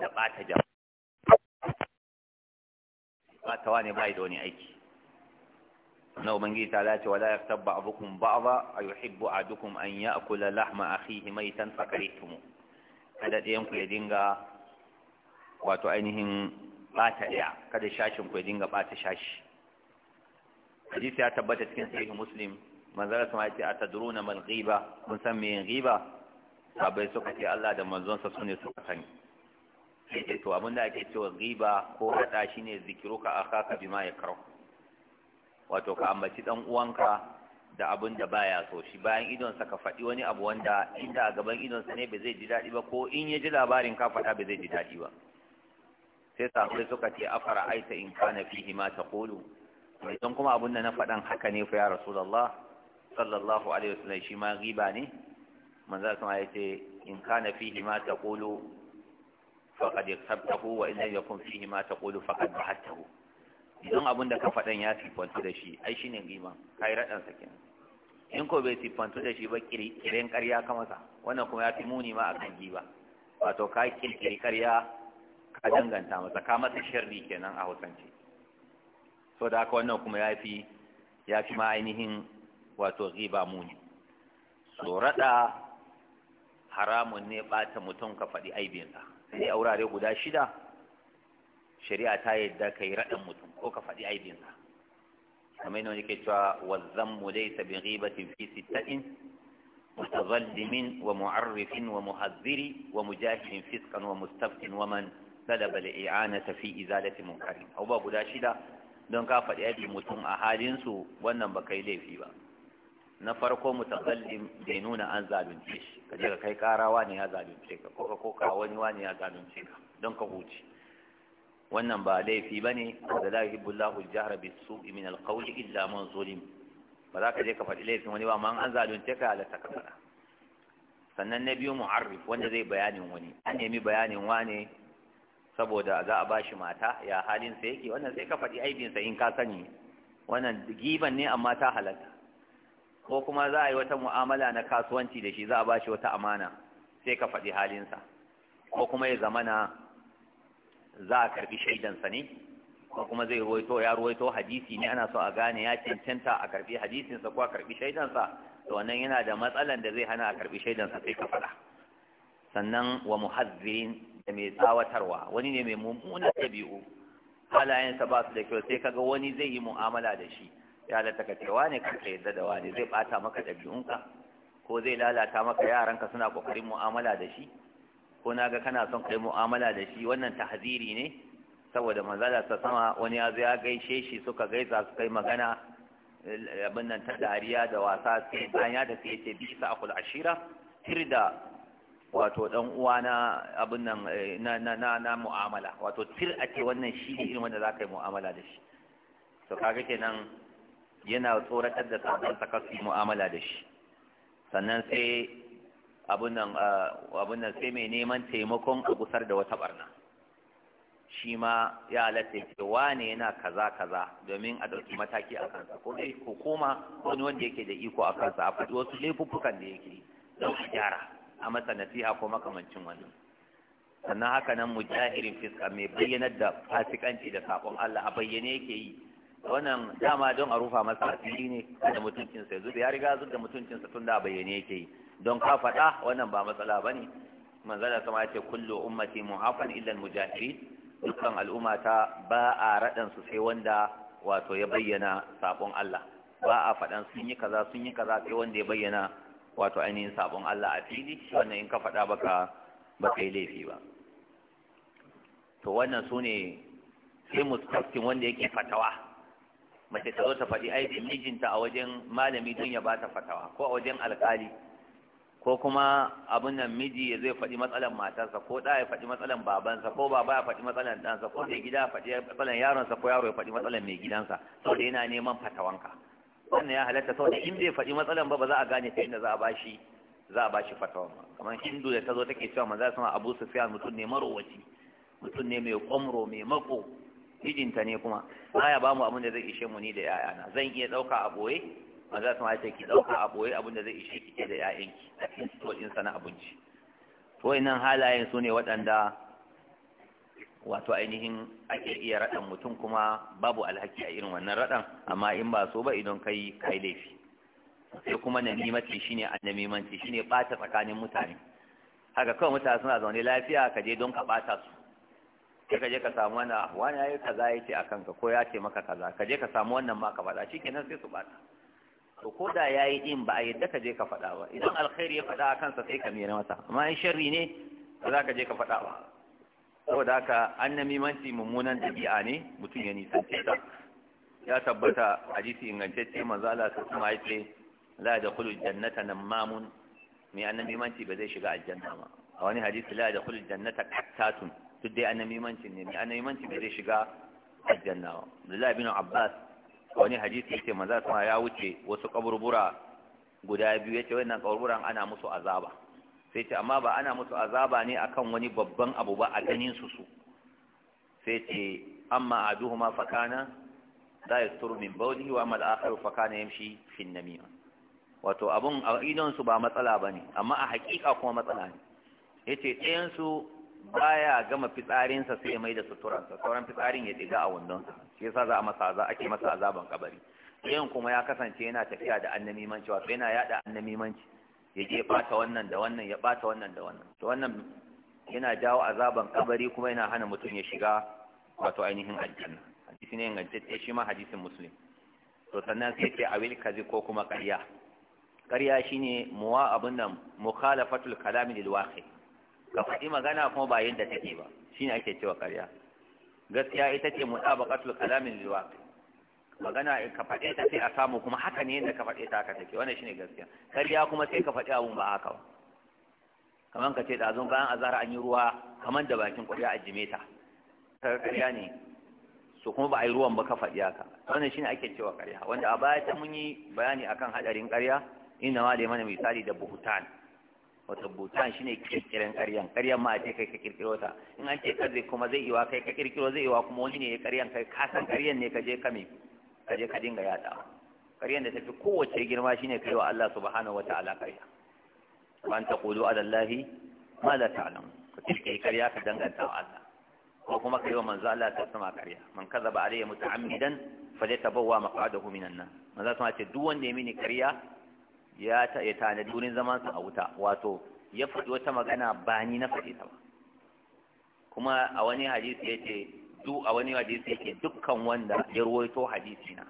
da ɓata jama'a ɓatawa ne bai da wani aiki na ubangiji ta lace wala a yi hibbu a dukun an ya'kula lahma akhihi tsakari tumu kada ɗayan ku ya dinga wato ainihin ta ɗaya kada shashin ku ya dinga ta shashi hadisi ya tabbata cikin sahih muslim manzara sama ya ce a tadruna mal ghiba kun san me ghiba sabai suka ce Allah da manzonsa sune suka sani yake to abin da ake cewa riba ko hada shine ne zikiruka a kaka bi wato ka ambaci dan uwanka da abin da baya so shi bayan sa ka faɗi wani abu wanda inda gaban idon sa ne ba zai ji daɗi ba ko in ya ji labarin ka faɗa ba zai ji daɗi ba sai safai suka ce afara aita in kana fihi ma taqulu mai don kuma abin da na faɗan haka ne fa ya rasulullah sallallahu alaihi wasallam shi ma riba ne manzo sai ya ce in kana fihi ma taqulu faqad yaktabtahu wa illam yakun fi ma ba hatta hu idan abin da ka faɗan ya siffantu da shi ai shi ne liman ka yi raɗansa kenan in ko bai siffantu da shi ba ƙirƙirin ƙarya ka masa wannan kuma ya fi muni ma akan giba wato ka ƙirƙiri ƙarya ka danganta masa ka masa sharri kenan a hausance so da haka wannan kuma ya fi ya fi ma ainihin wato giba muni so raɗa haramun ne ɓata mutum ka faɗi aibinsa sai a wurare guda shida shari'a ta yadda ka yi raɗin mutum ko ka faɗi aibinsa kamar yadda wani ke cewa wazzan mu dai ta ribatin fi sittaɗin mutazallimin wa mu'arrifin wa muhazziri wa mujahirin fiskan wa mustaftin wa man talaba ta fi izalati munkarin abubuwa guda shida don ka faɗi aibin mutum a halinsu wannan ba kai laifi ba na farko mutazallim bai nuna an zalunce shi ka je ka kai karawa wani ya zalunce ka ko ka koka wani wani ya zalunce ka don ka huce wannan ba laifi bane da la yuhibbullahu al-jahra bis-su'i min al-qawl illa man zulim ba za ka je ka faɗi laifin wani ba amma an zalunce ka halatta ka faɗa sannan na biyu mu'arrif wanda zai bayanin wani an nemi bayanin wane saboda za a bashi mata ya halin sa yake wannan sai ka faɗi aibin sa in ka sani wannan giban ne amma ta halatta ko kuma za a yi wata mu'amala na kasuwanci da shi za a ba shi wata amana sai ka faɗi halinsa ko kuma ya zamana za a karɓi shaidansa ne ko kuma zai ruwaito ya ruwaito hadisi ne ana so a gane ya cancanta a karɓi hadisinsa ko a karɓi shaidansa to wannan yana da matsalan da zai hana a karɓi shaidansa sai ka faɗa sannan wa muhazzirin da mai tsawatarwa wani ne mai mummunan ɗabi'u halayensa ba su da kyau sai kaga wani zai yi mu'amala da shi ya halatta ka cewa ne ka yadda da wani zai bata maka dabi'unka ko zai lalata maka yaranka suna kokarin mu'amala da shi ko naga kana son kai mu'amala da shi wannan tahziri ne saboda manzala ta sama wani ya zo ya gaishe shi suka gaisa su kai magana abin nan ta dariya da wasa sai bayan ya tafi yace bi sa akul ashira tirda wato dan uwa na abin nan eh, na na na, na mu'amala wato tir ake wannan shi ne irin wanda zaka yi mu'amala da shi to kaga kenan yana tsoratar da sabon takassu mu'amala da shi sannan sai abun nan sai mai neman taimakon a gusar da wata barna shi ma ya halatta ce ne yana kaza kaza domin a ɗauki mataki a kansa ko dai hukuma wani wanda yake da iko a kansa a faɗi wasu laifuffukan da yake don a gyara a masa nasiha ko makamancin wannan sannan haka nan mujahirin fiska mai bayyanar da fasikanci da saƙon Allah a bayyane yake yi wannan dama don a rufa masa asiri ne da mutuncinsa yanzu da ya riga zuwa da mutuncinsa tun da bayyane yake yi don ka faɗa wannan ba matsala ba ne manzala sama ya ce kullu ummati muhafan illa mujahiri dukkan al'umma ta ba a raɗan su sai wanda wato ya bayyana sabon Allah ba a faɗan sun yi kaza sun yi kaza sai wanda ya bayyana wato ainihin sabon Allah a fili wannan in ka faɗa baka ba yi laifi ba to wannan su ne sai mustaftin wanda yake fatawa mace ta zo ta faɗi aibin mijinta a wajen malami don ya ba ta fatawa ko a wajen alƙali ko kuma abin nan miji ya zai faɗi matsalan matarsa ko ɗa ya faɗi matsalan babansa ko baba ya faɗi matsalan ɗansa ko mai gida ya faɗi matsalan yaronsa ko yaro ya faɗi matsalan mai gidansa sau da yana neman fatawanka wannan ya halatta da in bai faɗi matsalan ba ba za a gane ta inda za a shi za a ba fatawan ba kamar hindu da ta zo take cewa manzo sama abu sufyan mutum ne marowaci mutum ne mai kwamro mai mako mijinta ne kuma baya ba mu abin da zai ishe mu ni da yayana zan iya dauka a boye ba za su ma ki dauka a boye abin da zai ishe ki da yayanki a cikin to din sana abinci to wayannan halayen su ne waɗanda wato ainihin ake iya raɗan mutum kuma babu alhaki a irin wannan raɗan amma in ba so ba idan kai kai laifi sai kuma na namimanci shine annamimanci shine ɓata tsakanin mutane haka kawai mutane suna zaune lafiya ka je don ka bata su ke ka je ka samu ah, wani wani ya yi kaza ya ce a kanka ko ya ce maka kaza ka je ka samu wannan ma ka faɗa shikenan sai su ɓata to ko da ya yi ɗin ba a yadda ka je ka faɗa ba idan alkhairi ya faɗa a kansa sai ka mera mata. amma in sharri ne ba za ka je ka faɗa ba saboda haka an mimanci mummunan ɗabi'a ne mutum ya nisan ta ya tabbata hadisi ingantacce manzo Allah ta kuma ce la yadkhulu jannata namamun mai annabi manci ba zai shiga aljanna ba a wani hadisi la yadkhulu jannata qattatun duk dai annamimancin ne annamimancin da zai shiga aljanna Abdullahi bin Abbas wani hadisi yace maza sama ya wuce wasu kaburbura guda biyu yace wannan kaburburan ana musu azaba sai ce amma ba ana musu azaba ne akan wani babban abu ba a ganin su su sai ce amma aduhuma fakana la yasturu min bawlihi wa amma al-akhar fakana yamshi fi an-namima wato abun a idon su ba matsala bane amma a hakika kuma matsala ne yace ɗayan su baya gama fitsarinsa sai ya mai da suturansa sauran fitsarin ya diga a wundonsa shi yasa za a masa za ake masa azaban kabari yin kuma ya kasance yana tafiya da annamimanci wato yana yada annamimanci ya je bata wannan da wannan ya bata wannan da wannan to wannan yana jawo azaban kabari kuma yana hana mutum ya shiga wato ainihin aljanna hadisi ne ingantacce shi ma hadisin muslim to sannan sai ce awil kazi ko kuma ƙarya ƙarya shine muwa abun nan mukhalafatul kalami lil waqi' ka faɗi magana kuma ba da take ba shine ake cewa ƙarya gaskiya ita ce ƙasar kalamin zuwa, magana ka faɗe ta sai a samu kuma haka ne yadda ka faɗe ta haka take wannan shine gaskiya ƙarya kuma sai ka faɗi abun ba haka ba kamar ka ce ɗazun bayan azhar an yi ruwa kamar da bakin ƙwarya a jime ta ƙarya ne so kuma ba a yi ruwan ba ka faɗi haka wannan shine ake cewa ƙarya wanda a baya ta mun yi bayani akan haɗarin ƙarya inna ma da mana misali da buhutan wato butan shine kirkiren ƙaryan ƙaryan ma a ce kai ka kirkiro ta in an ce kaze kuma zai yiwa kai ka kirkiro zai yiwa kuma wani ne ya ƙaryan kai ka san ƙaryan ne ka je ka me ka je ka dinga yada ƙaryan da tafi kowace girma shine kai wa Allah subhanahu wataala ƙarya wa an taqulu ala allahi ma la ta'lam ka kirkiri ƙarya ka danganta wa Allah ko kuma kai wa manzo Allah ta sama ƙarya man kazaba alayya muta'ammidan falyatabawwa maq'adahu minan nar manzo ta ce duk wanda ya mini ƙarya ya ta ya tanadi wurin zaman sa a wuta wato ya faɗi wata magana ba ni na faɗi ta ba kuma a wani hadisi yake du a wani hadisi yake dukkan wanda ya ruwaito hadisi na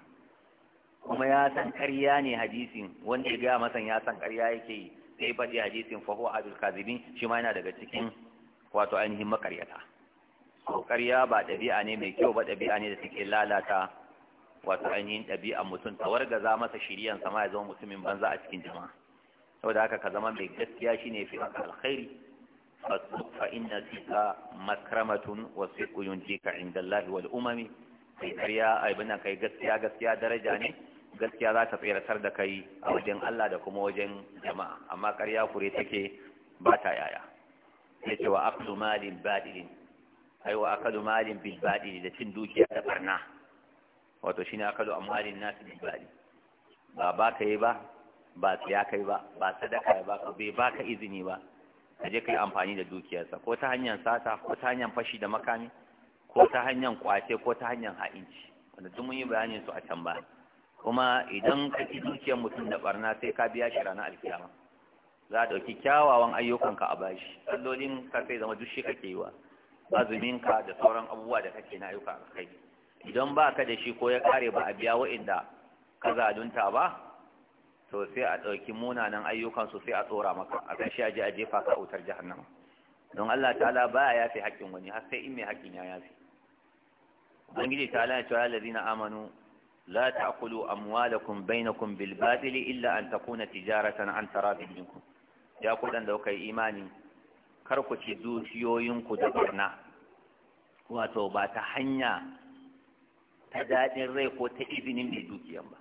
kuma ya san ƙarya ne hadisin wanda ya ga masan ya san ƙarya yake yi sai faɗi hadisin fa huwa abul kazibin shi ma yana daga cikin wato ainihin makaryata so ƙarya ba ɗabi'a ne mai kyau ba ɗabi'a ne da take lalata wato ainihin ɗabi'an mutum tawargaza masa shiriyan sama ya zama mutumin banza a cikin jama'a saboda haka ka zama mai gaskiya shine fi maka alkhairi fa inna sika makramatun wa siku yunjika inda Allah wal umami kai kariya ai bana kai gaskiya gaskiya daraja ne gaskiya za ta tsiratar da kai a wajen Allah da kuma wajen jama'a amma kariya kure take ba ta yaya yace wa aqdu malin badilin aiwa wa malin bil badil da cin dukiya da barna wato shine akalu amwalin na su bali ba ba yi ba ba tsaya kai ba ba sadaka ba ka bai baka izini ba ka je kai amfani da dukiyarsa ko ta hanyar sata ko ta hanyar fashi da makami ko ta hanyar kwace ko ta hanyar ha'inci wanda duk mun yi bayanin su a can ba kuma idan ka ci dukiyar mutum da barna sai ka biya shi ranar alkiyama za a ɗauki kyawawan ayyukanka a bashi sallolin ka sai zama duk shi kake yi wa azuminka da sauran abubuwa da kake na ayyuka a kai idan ba ka da shi ko ya kare ba a biya wa'inda ka zalunta ba to sai a ɗauki munanan ayyukansu sai a tsora maka a ƙarshe a je a jefa ka wutar jahannama don Allah ta'ala ba ya yafe haƙƙin wani har sai in mai haƙƙin ya yafe ubangiji ta'ala ya cewa na amanu la ta'kulu amwalakum bainakum bil batili illa an takuna tijaratan an taradin minkum ya ku dan da kai imani kar ku ci dukiyoyinku da barna wato ba ta hanya ta daɗin rai ko ta izinin mai dukiyan ba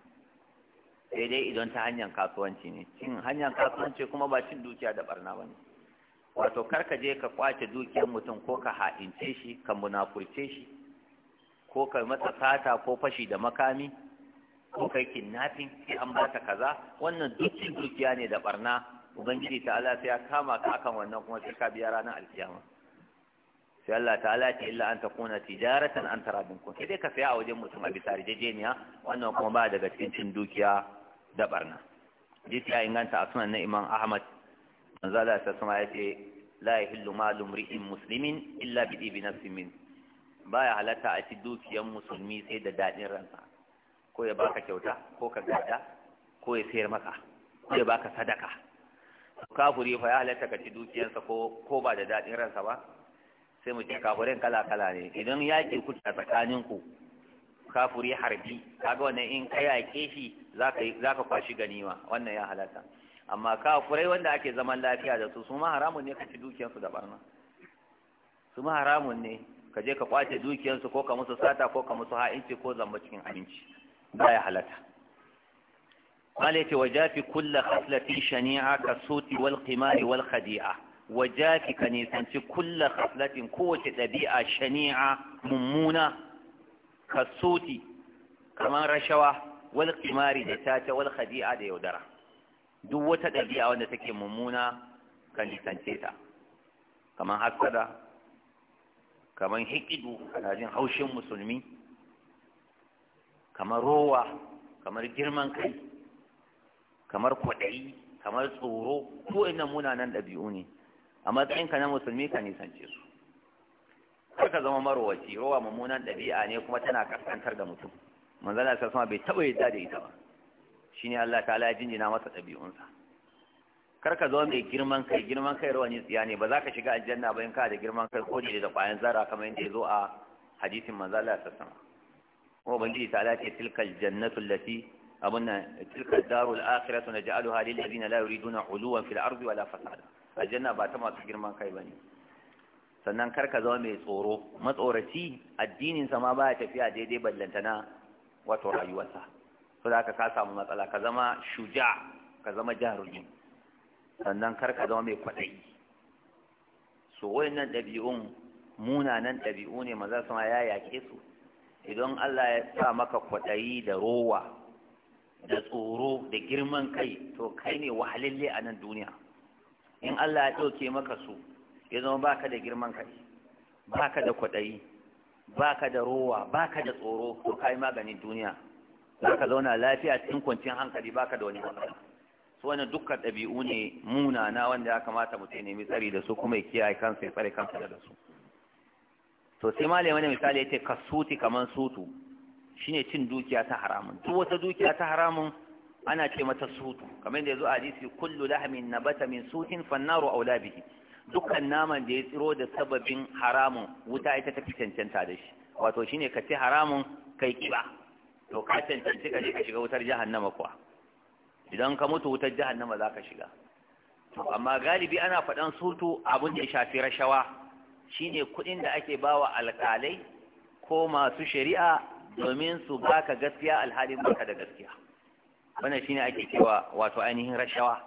sai dai idan ta hanyar kasuwanci ne cin hanyar kasuwanci kuma ba cin dukiya da barna ba ne wato kar ka je ka kwace dukiyar mutum ko ka haɗince shi ka munafurce shi ko ka masa sata ko fashi da makami ko kai kidnapping sai an ba ta kaza wannan cin dukiya ne da barna ubangiji ta Allah sai ya kama ka akan wannan kuma sai ka biya ranar alkiyama sai Allah ta'ala ce illa an ta kuna tijaratan an taradin kun sai dai ka saya a wajen mutum a bisa rijejeniya wannan kuma ba daga cikin cin dukiya da barna hadisi ya inganta a sunan na Imam Ahmad manzo Allah ta sama ya ce la yahillu malu mri'in muslimin illa bi ibn nafsin min baya halatta a ci dukiyar musulmi sai da dadin ransa ko ya baka kyauta ko ka gada ko ya sayar maka ko ya baka sadaka kafuri fa ya halatta ka ci dukiyarsa ko ko ba da dadin ransa ba sai mu ce kafurin kala-kala ne idan yaƙi kuke a tsakaninku kafuri harbi kaga wannan in ka yaƙe shi za ka kwashi ganima wannan ya halatta amma kafurai wanda ake zaman lafiya da su su ma haramun ne ka ci dukiyarsu da barna su ma haramun ne ka je ka kwace dukiyarsu ko ka musu sata ko ka musu ha'inci ko zamba cikin abinci ba ya halatta kulla يتوجا shani'a ka خصلة wal كالصوت wal والخديعة wa ka nisanci kulla khaslatin kowace ɗabi'a shani'a mummuna kasuti kamar rashawa wal kimari da tata wal khadi'a da yaudara duk wata ɗabi'a wanda take mummuna ka nisance ta kamar hasada kamar hikidu a haushin musulmi kamar rowa kamar girman kai kamar kwaɗayi kamar tsoro ko ina munanan ɗabi'u ne a matsayinka na musulmi ka nisance su kar ka zama marowaci rowa mummunan ɗabi'a ne kuma tana kaskantar da mutum manzala sa sama bai taɓa yadda da ita ba ne Allah ta ya jinjina masa ɗabi'unsa kar ka zama mai girman kai girman kai rawani tsiya ne ba za ka shiga aljanna ba in ka da girman kai ko da ƙwayan zara kamar yadda ya zo a hadisin manzala sa sama kuma ubangiji ta ce tilkal jannatu lati abunna tilkal darul akhiratu naj'aluha lil ladina la yuriduna uluwan fil ardi wala fasada aljanna ba ta masu girman kai ba ne. sannan kar ka zama mai tsoro matsoraci addinin sa ma ya tafiya daidai ballantana wato rayuwarsa so da ka samu matsala ka zama shuja ka zama jarumi sannan kar ka zama mai kwaɗayi so wayannan ɗabi'un munanan ɗabi'u ne maza su ma ya yake su idan Allah ya sa maka kwaɗayi da rowa da tsoro da girman kai to kai ne wahalalle a nan duniya in Allah ya ɗauke maka su ya zama baka da girman kai baka da kwaɗayi baka da rowa baka da tsoro to kai maganin duniya Za ka zauna lafiya cikin kwanciyar hankali baka da wani matsala su wani dukkan ɗabi'u ne munana wanda ya kamata mu sai nemi tsari da su kuma ya kiyaye kansa ya tsare kansa daga su to sai malai wani misali ya ce suti kamar sutu shine cin dukiya ta haramun duk wata dukiya ta haramun ana ce mata sutu kamar da yazo a hadisi kullu lahmin nabata min sutin naru aula bihi dukkan naman da ya tsiro da sababin haramun wuta ita ta cancanta da shi wato shine ka ce haramun kai kiba to ka cancanci ka je ka shiga wutar jahannama kuwa idan ka mutu wutar jahannama za ka shiga to amma galibi ana faɗan sutu abin da ya shafi rashawa shine kuɗin da ake bawa alƙalai ko masu shari'a domin su baka gaskiya alhalin baka da gaskiya wannan shine ake cewa wato ainihin rashawa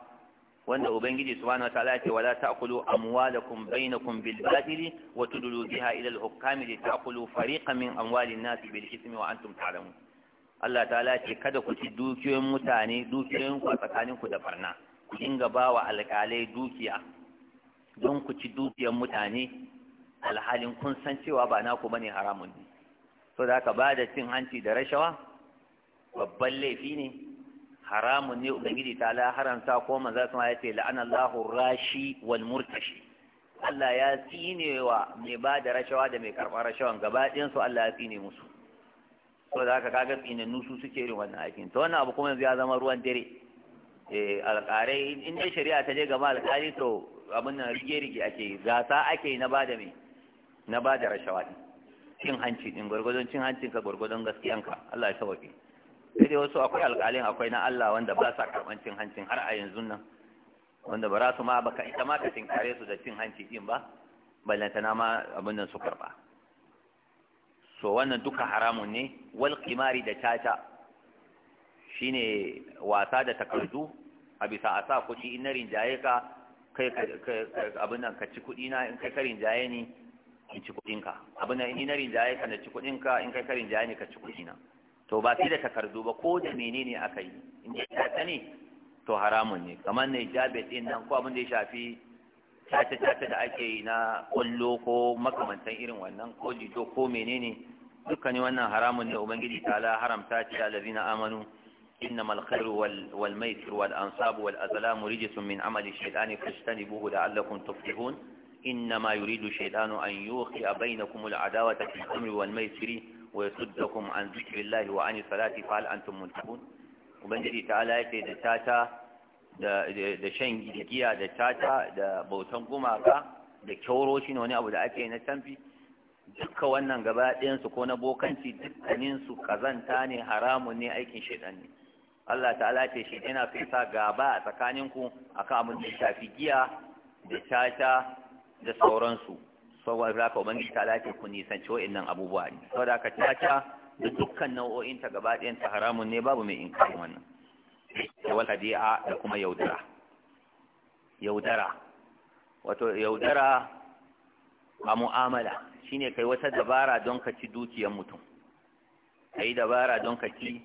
wanda ubangiji subhanahu wataala ya ce wala ta'kulu amwalakum bainakum bil batili wa tudlu biha ila al hukam li ta'kulu fariqan min amwalin nas bil ithmi wa antum ta'lamun Allah ta'ala ce kada ku ci dukiyoyin mutane dukiyoyin ku tsakanin ku da barna ku dinga bawa alƙalai dukiya don ku ci dukiyar mutane alhalin kun san cewa ba naku bane haramun ne so da haka ba da cin hanci da rashawa babban laifi ne haramun ne ubangiji ta la haramta ko manzo kuma ya ce la'ana Allahu rashi wal murtashi Allah ya tsine wa mai ba da rashawa da mai karɓar rashawan gaba ɗayan su Allah ya tsine musu so da haka kaga tsinannu nusu suke irin wannan aikin to wannan abu kuma yanzu ya zama ruwan dare eh alƙare in dai shari'a ta je gaba alƙali to abin nan rige rige ake gasa ake na ba da mai na ba da rashawa din cin hanci din gurgurdon cin hancin ka gurgurdon gaskiyanka Allah ya sauke sai dai wasu akwai alƙalin akwai na Allah wanda ba sa karɓan cin hancin har a yanzu nan wanda ba za su ma baka ita ma ka tinkare su da cin hanci din ba ballantana ma abin nan su karɓa so wannan duka haramun ne wal qimari da tata shine wasa da takardu a bisa a sa kuɗi in na rinjaye ka kai abin nan ka ci kuɗi na in kai ka rinjaye ni in ci kuɗinka abin nan in na rinjaye ka na ci kuɗinka in kai ka rinjaye ni ka ci kuɗi na. to ba sai da takardu ba ko da menene aka yi in ji ta sani? to haramun ne kamar ne jabe din nan ko abin da ya shafi tace tace da ake yi na kullo ko makamantan irin wannan ko jido ko menene dukkan wannan haramun ne ubangiji ta'ala haramta ce da allazina amanu إنما الخير وال... والميسر والأنصاب والأزلام رجس من عمل الشيطان فاجتنبوه لعلكم تفلحون إنما يريد الشيطان أن يوقع بينكم العداوة في الأمر والميسر ويصدكم عن ذكر الله وعن الصلاة فهل أنتم منتهون وبنجي تعالى يكي دا da shan giya da tata da bautan gumaka da kyauro shi ne wani abu da ake na canfi dukka wannan gaba ɗayansu ko na bokanci dukkaninsu kazanta ne haramun ne aikin shaidan ne Allah ta'ala ce shi yana so sa gaba a tsakaninku akan abin da shafi giya da tata da sauransu saboda ka ubangiji ta lafi ku nisanci wa'annan abubuwa ne saboda haka caca da dukkan nau'o'in ta gaba ɗayan ta haramun ne babu mai inkari wannan da wata hadi'a da kuma yaudara yaudara wato yaudara a mu'amala shine kai wata dabara don ka ci dukiyar mutum yi dabara don ka ci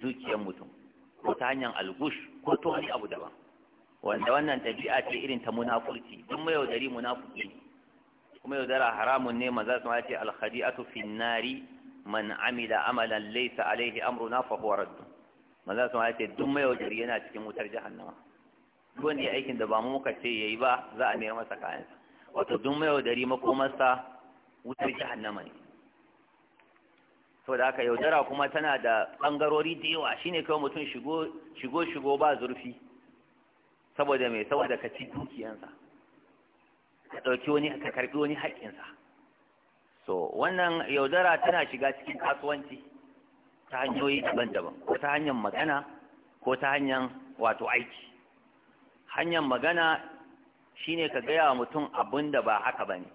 dukiyar mutum ko ta hanyar algush ko to wani abu daban wanda wannan ɗabi'a ce irin ta munafurci don mayaudari munafurci ne kuma yaudara haramun ne maza su ce al a fi nari man Amida, amalan Laisa, alayhi amru na fahuwar radd maza su ce duk mai yaudari yana cikin wutar jahannama duk wanda ya aikin da ba mu muka ce yayi ba za a nemi masa kayansa wato duk mai yaudari makomarsa wutar jahannama ne saboda haka yaudara kuma tana da ɓangarori da yawa shine kawai mutum shigo shigo ba zurfi saboda mai saboda ka ci dukiyansa ka ɗauki wani ka karɓi wani haƙƙinsa so wannan yaudara tana shiga cikin kasuwanci ta hanyoyi daban-daban ko ta hanyar magana ko ta hanyar wato aiki hanyar magana shine ka gaya wa mutum abin da ba haka ba ne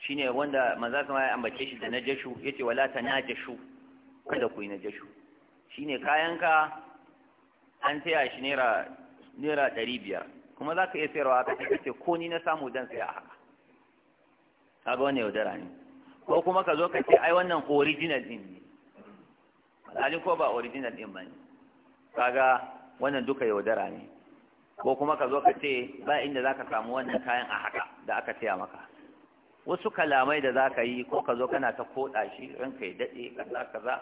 Shi ne wanda maza sama ya ambace shi da ya ce, wala ta jashu kada ku yi na Shi shine kayanka an taya shi naira ɗari biyar kuma za ka iya sayarwa aka ce ko ni na samu dan saya a haka Ka ga wannan yaudara ne ko kuma ka zo ka ce ai wannan original din ne alhalin ko ba original din ba ne Ka ga wannan duka yaudara ne ko kuma ka zo ka ce ba inda za ka samu wannan kayan a haka da aka saya maka wasu kalamai da za ka yi ko ka zo kana ta koɗa shi ranka ya daɗe kaza kaza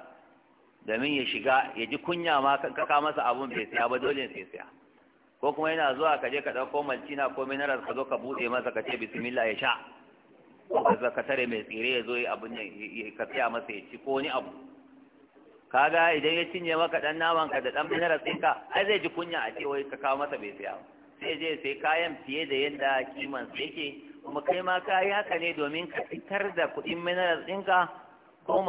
domin ya shiga ya ji kunya ma ka masa abun bai saya ba dole sai saya ko kuma yana zuwa ka je ka ɗauko malcina ko minaras ka zo ka buɗe masa ka ce bismillah ya sha ko ka tare mai tsire ya zo ya abin ka tsaya masa ya ci ko wani abu kaga idan ya cinye maka ɗan naman ka da dan ɗin ka ai zai ji kunya a ce wai ka kawo masa bai tsaya sai je sai kayan fiye da yadda kiman sa yake kuma kai ma ka yi haka ne domin ka fitar da kuɗin ɗin ka ko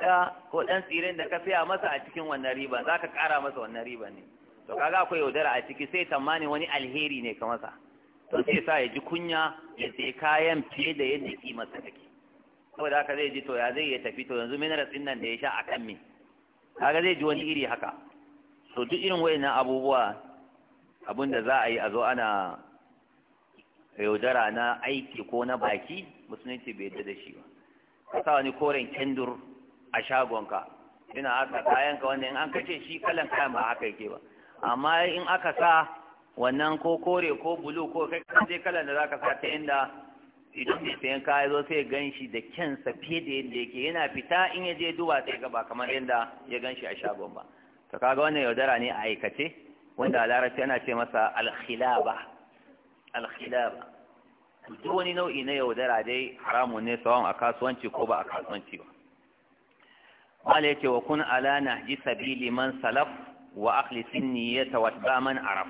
ka ko ɗan tsiren da ka tsaya masa a cikin wannan riba za ka ƙara masa wannan riba ne to kaga akwai yaudara a ciki sai tsammanin wani alheri ne ka masa to sai sa ya ji kunya ya sai kayan fiye da yadda sa kake saboda haka zai ji to ya zai ya tafi to yanzu mina din nan da ya sha a kan me kaga zai ji wani iri haka to duk irin wayannan abubuwa abin da za a yi a zo ana yaudara na aiki ko na baki musulunci bai yadda da shi ba ka sa wani koren kendur a shagonka ina haka kayanka wanda in an kace shi kalan kayan ba haka yake ba amma in aka sa wannan ko kore ko bulu ko kai kan je kala da zaka sa ta inda idan mai sai ka yazo sai gan shi da kyansa fiye da yadda yake yana fita in ya je duba sai ga ba kamar yadda ya gan a shagon ba to kaga wannan yaudara ne a aikace wanda a larabci ana ce masa alkhilaba alkhilaba duk wani nau'i na yaudara dai haramun ne sawan a kasuwanci ko ba a kasuwanci ba mala yace wa kun ala nahji sabili man salaf وأخلص النية واتبع من عرف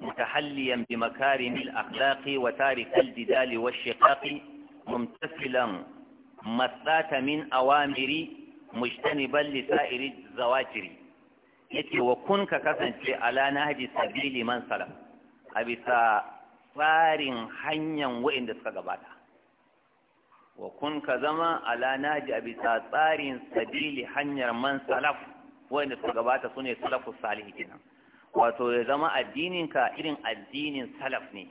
متحليا بمكارم الأخلاق وتارك الجدال والشقاق ممتثلا مثات من أوامر مجتنبا لسائر الزواجر يتي وكن ككسنت على نهج سبيل من سلف أبسا tsarin hanyar wa'inda suka gabata wa kun ka zama ala naji a bisa tsarin sabili hanyar man salaf wanda suka gabata su ne salafu salihi kenan wato ya zama addininka irin addinin salaf ne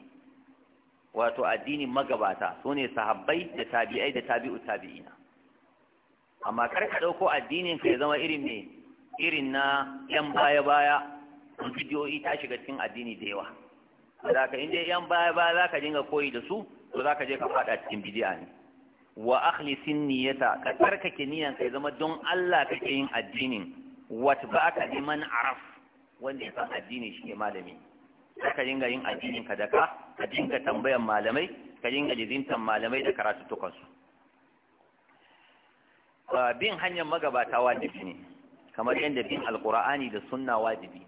wato addinin magabata su ne sahabbai da tabi'ai da tabi'u tabi'ina amma kar ka ɗauko addinin ka ya zama irin ne irin na yan baya baya bidiyoyi ta shiga cikin addini da yawa da ka inda yan baya baya za ka dinga koyi da su to za ka je ka faɗa cikin bidiya ne wa akhlisin niyyata ka tsarkake niyan ka ya zama don Allah kake yin addinin watba'aka liman araf wanda ya san addini shi ne malami ka dinga yin addinin ka daka ka dinga tambayan malamai ka dinga jizintan malamai da karatu tukansu bin hanyar magabata wajibi ne kamar yadda bin alqur'ani da sunna wajibi ne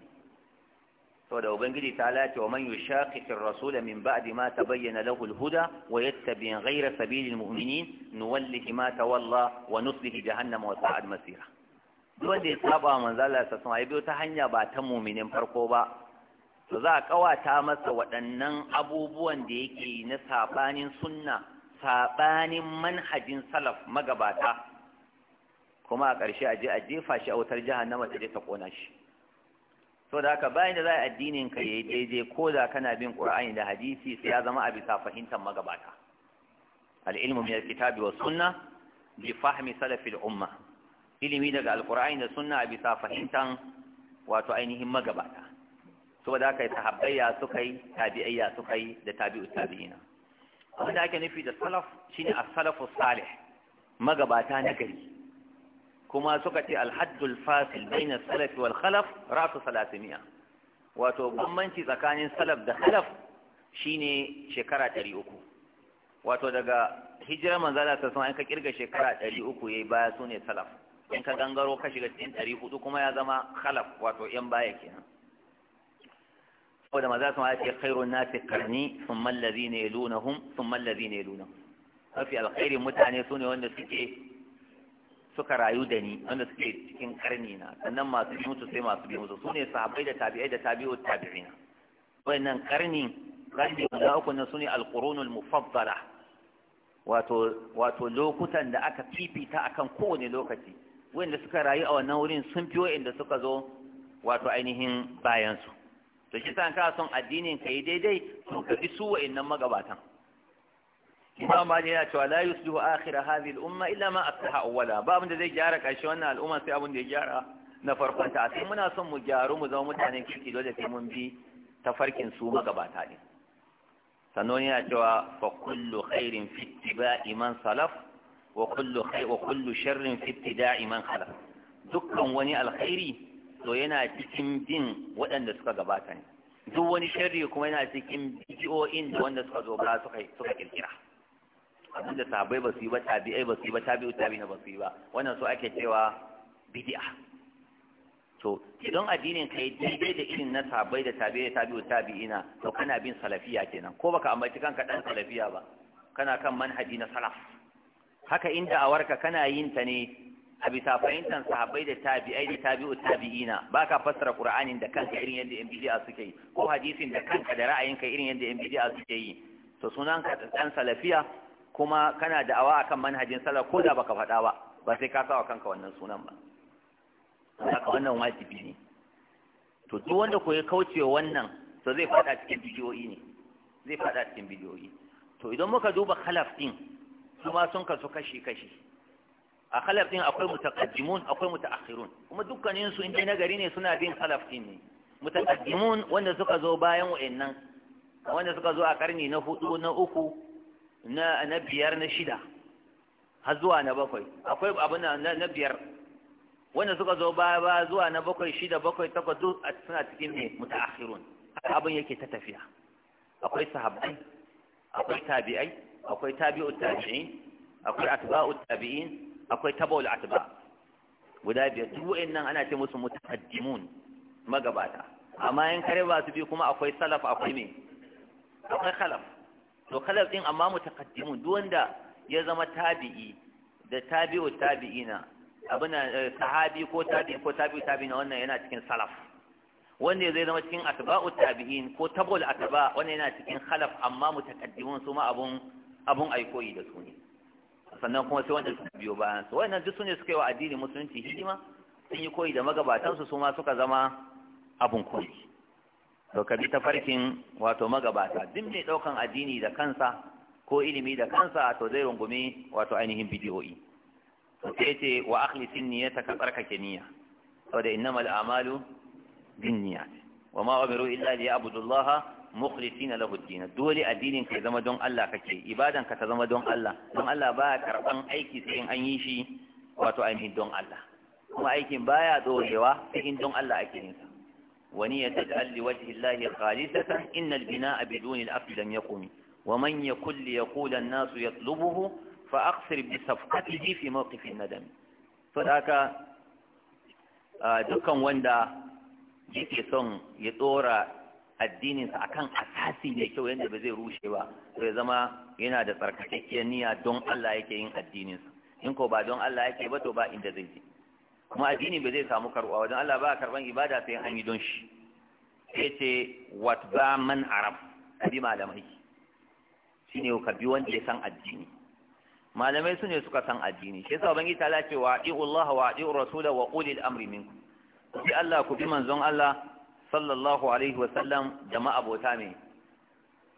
saboda ubangiji ta lati wa man yushaqiqir rasul min ba'di ma tabayyana lahu al-huda wa yattabi ghayra sabili al-mu'minin nuwallihi ma tawalla wa nuslihi jahannama wa sa'ad masira wanda ya saba manzo Allah sa sama ya biyo ta hanya ba ta muminin farko ba to za a kawata masa waɗannan abubuwan da yake na sabanin sunna sabanin manhajin salaf magabata kuma a ƙarshe a je a jefa shi a wutar jahannama ta je ta kona shi to da haka bayan da za a addinin ka yayi daidai ko da kana bin qur'ani da hadisi sai ya zama a bisa fahimtar magabata al-ilmu min al-kitabi was sunnah bi fahmi salafil ummah ilimi daga alkur'ani da sunna a bisa fahimtan wato ainihin magabata saboda haka sahabbaiya suka yi tabi'ayya suka yi da tabi'u tabi'ina abin da ake nufi da salaf shine as asalafu salih magabata na gari kuma suka ce alhaddul fasil bainas salaf wal khalaf rasu salasimiya wato bambanci tsakanin salaf da khalaf shine shekara 300 wato daga hijirar manzala ta sun an ka kirga shekara 300 yayi baya sune salaf in ka gangaro ka shiga cikin ɗari hudu kuma ya zama khalaf wato yan baya kenan saboda maza su sun ce khairun nasi karni thumma sun yalunahum thumma alladhina luna. mafi alkhairin mutane su ne wanda suke suka rayu da ni wanda suke cikin karni na sannan masu bi mutu sai masu bi mutu su ne sahabbai da tabi'ai da tabi'u tabi'ina wannan karni karni guda uku na su ne alqurunul mufaddala wato wato lokutan da aka fifita akan kowane lokaci wanda suka rayu a wannan wurin sun fi wa'inda suka zo wato ainihin bayansu to shi sa ka son addinin ka yi daidai to ka bi su wa'innan magabatan Imam Malik yana cewa la yuslihu akhir hadhihi al-umma illa ma aslaha awwala ba abin da zai gyara karshe wannan al'umma sai abin da ya gyara na farkon ta sai muna son mu gyaru mu zama mutanen kirki dole sai mun bi tafarkin su magabata ne sannan yana cewa fa kullu khairin fi ittiba'i man salaf wa kullu khair wa kullu sharrin fi ibtida'i dukkan wani alkhairi to yana cikin bin waɗanda suka gabata ne duk wani sharri kuma yana cikin bidiyoyin da wanda suka zo ba suka suka kirkira abin da sahabbai ba su yi ba tabi'ai ba su yi ba tabi'u tabi'ina ba su yi ba wannan su ake cewa bidi'a. to idan addinin kai daidai da irin na sabai da tabi'ai tabi'u tabi'ina to kana bin salafiya kenan ko baka ambaci kanka dan salafiya ba kana kan manhaji na salaf haka in da'awarka kana yin ta ne a bisa fahimtar sahabbai da tabi'ai da tabi'u tabi'ina ba ka fassara qur'anin da kanka irin yadda yan bid'a suke yi ko hadisin da kanka da ra'ayinka irin yadda yan bid'a suke yi to sunan ka dan salafiya kuma kana da'awa akan manhajin salaf ko da baka faɗa ba ba sai ka sa wa kanka wannan sunan ba haka wannan wajibi ne to duk wanda ko ya kauce wannan to zai faɗa cikin bidiyoyi ne zai faɗa cikin bidiyoyi to idan muka duba khalaf din su ma sun kasu kashi-kashi a khalaf akwai mutaqaddimun akwai mutaakhirun kuma dukkanin su inda nagari ne suna bin khalaf ne mutaqaddimun wanda suka zo bayan wayannan wanda suka zo a karni na hudu na uku na na biyar na shida har zuwa na bakwai akwai abu na na biyar wanda suka zo baya ba zuwa na bakwai shida bakwai takwas duk suna cikin ne mutaakhirun abin yake ta tafiya akwai sahabbai akwai tabi'ai akwai tabi'ut tabi'in akwai atba'ut tabi'in akwai tabaul atba guda biyar duk wa'annan ana ce musu mutaqaddimun magabata amma in kare ba su bi kuma akwai salaf akwai me akwai khalaf to khalaf din amma mutaqaddimun duk wanda ya zama tabi'i da tabi'u tabi'ina abuna eh, sahabi ko tabi'i ko tabi'u tabi'ina wannan yana cikin salaf wanda zai zama cikin atba'u tabi'in ko tabul atba wannan yana cikin khalaf amma mutaqaddimun su ma abun abun ai koyi da su ne sannan kuma sai wanda suka biyo bayan su wannan duk sune suka yi wa addinin musulunci hidima sun yi koyi da magabatan su su ma suka zama abun koyi to ka bi tafarkin wato magabata duk mai addini da kansa ko ilimi da kansa to zai rungumi wato ainihin bidiyoyi to sai ce wa akhlisin niyyataka tsarkake niyya saboda innamal a'malu binniyat wa ma umiru illa liya'budu mukhlisina lahu Lahuddina, dole addinin ka ya zama don Allah kake ibadan ka ta zama don Allah don Allah ba karban aiki sai an yi shi wato ainihin don Allah kuma aikin baya dorewa sai in don Allah ake yin sa wani ya taj'al li wajhi Allah khalisatan innal bina'a biduni al-afl lam yaqum wa man ya li yaqula an-nas yatlubuhu fa aqsir bi safqatihi fi mawqif an-nadam fadaka dukkan wanda yake son ya tsora addininsa akan asasi mai kyau yadda ba zai rushe ba sai zama yana da tsarkakakkiyar niyya don Allah yake yin addininsa in ko ba don Allah yake ba to ba inda zai je kuma addini ba zai samu karɓa wajen Allah ba karɓan ibada sai an yi don shi sai ce watba man arab abi malamai ne ka bi wanda ya san addini malamai su ne suka san addini shi yasa ubangiji ta lace wa iu Allah wa iu Rasula wa ulil amri minkum ku bi Allah ku bi manzon Allah sallallahu alaihi wasallam da ma'abota ne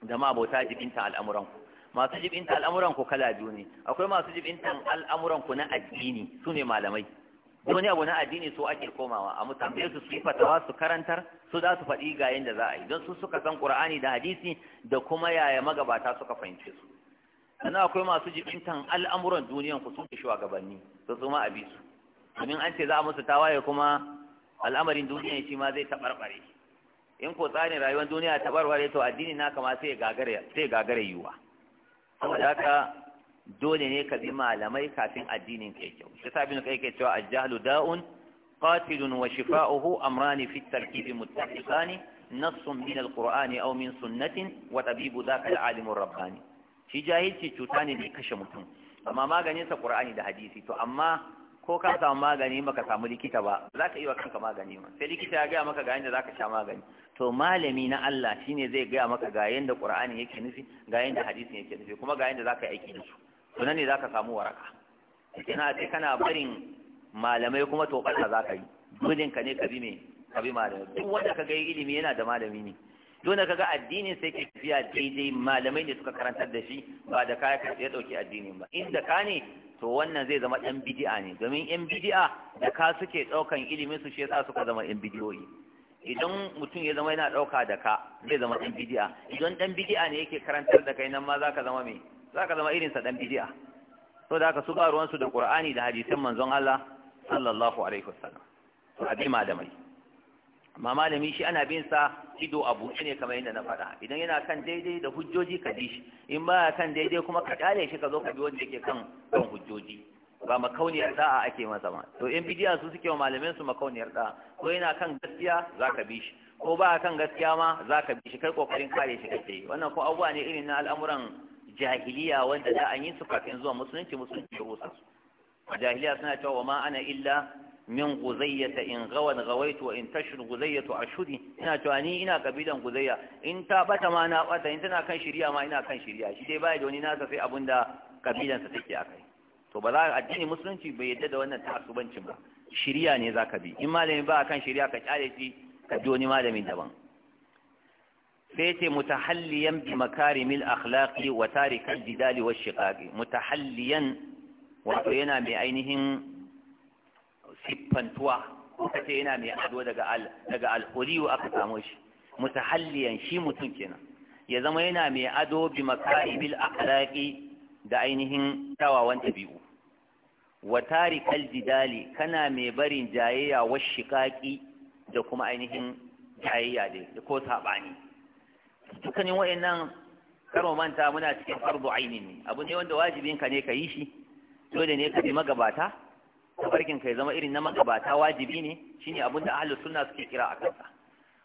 da ma'abota jibinta ku masu jibinta ku kala biyu ne akwai masu jibinta ku na addini su ne malamai wani abu na addini su ake komawa a mutane su su fatawa su karantar su za su faɗi ga yadda za a yi don su suka san qur'ani da hadisi da kuma yaya magabata suka fahimce su sannan akwai masu jibintan al'amuran duniyan ku su ke shugabanni su su ma a bi su domin an ce za a musu tawaye kuma al'amarin duniya shi ma zai taɓarɓare. in ko tsarin rayuwar duniya tabarbare to addini naka ma sai gagare sai gagare yiwa saboda haka dole ne ka bi malamai kafin addinin kai kyau shi sa bin kai kai cewa ajjalu da'un qatilun wa shifa'uhu amrani fi tarkibi muttafiqani nassun min alqur'ani aw min sunnatin wa tabibu dhaka alalim rabbani shi jahilci cuta ne da kashe mutum amma maganin sa qur'ani da hadisi to amma ko ka samu magani maka samu likita ba za ka yi wa kanka magani ma sai likita ya gaya maka ga yadda za ka sha magani to malami na Allah shi ne zai gaya maka ga yadda Qur'ani yake nufi ga yadda hadisin yake nufi kuma ga yadda za ka yi aiki da su to nan ne za ka samu waraka Ina ce kana barin malamai kuma to ɓarna za ka yi dole ka ne ka bi me ka bi malamai duk wanda ka ga ilimi yana da malami ne dole kaga addinin sai ke tafiya daidai malamai ne suka karantar da shi ba da kaya ka ya dauki addinin ba inda ka ne to wannan zai zama ɗan bid'a ne domin yan bid'a da ka suke ɗaukan ilimin su shi yasa suka zama yan bidiyoyi idan mutum ya zama yana ɗauka da ka zai zama ɗan bid'a idan ɗan bid'a ne yake karantar da kai nan ma za ka zama me za ka zama sa ɗan bid'a to da haka su ba su da qur'ani da hadisin manzon Allah sallallahu alaihi wasallam to da mai. amma malami shi ana bin sa ido a buɗe ne kamar yadda na faɗa idan yana kan daidai da hujjoji ka bi shi in ba kan daidai kuma ka ƙyale shi ka zo ka bi wanda yake kan kan hujjoji ba makauniyar da'a ake masa ba to yan bidiya su suke wa malamin su makauniyar da'a ko yana kan gaskiya za ka bi shi ko ba kan gaskiya ma za ka bi shi kai kokarin kare shi kake wannan ko abubuwa ne irin na al'amuran jahiliya wanda da an yi su kafin zuwa musulunci musulunci rusa jahiliya suna cewa wa ma ana illa min guzayyata in gawan gawaitu wa in tashur guzayyatu ashudi ina cewa ina kabilan guzayya in ta bata ma na bata in tana kan shirya ma ina kan shirya shi dai bai da wani nasa sai da kabilan sa take akai to ba za addini musulunci bai yadda da wannan ta'assubancin ba shirya ne zaka bi in malami ba kan shirya ka kyale shi ka bi wani malami daban sai ce mutahalliyan bi makarimil akhlaqi wa tarikal jidali wash shiqaqi mutahalliyan wato yana mai ainihin siffantuwa kuka ce yana mai ado daga alhuriyu aka samu shi mutahalliyan shi mutum kenan ya zama yana mai ado bi makaribil akalaki da ainihin tawawan ɗabi'u wa tarikal jidali kana mai barin jayayya wa shikaki da kuma ainihin jayayya dai ko saɓani. dukkanin wayannan karo manta muna cikin fardu ainihin abu ne wanda wajibinka ne ka yi shi dole ne ka bi magabata tafarkin kai zama irin na magabata wajibi ne shine abin da ahlus sunna suke kira a kansa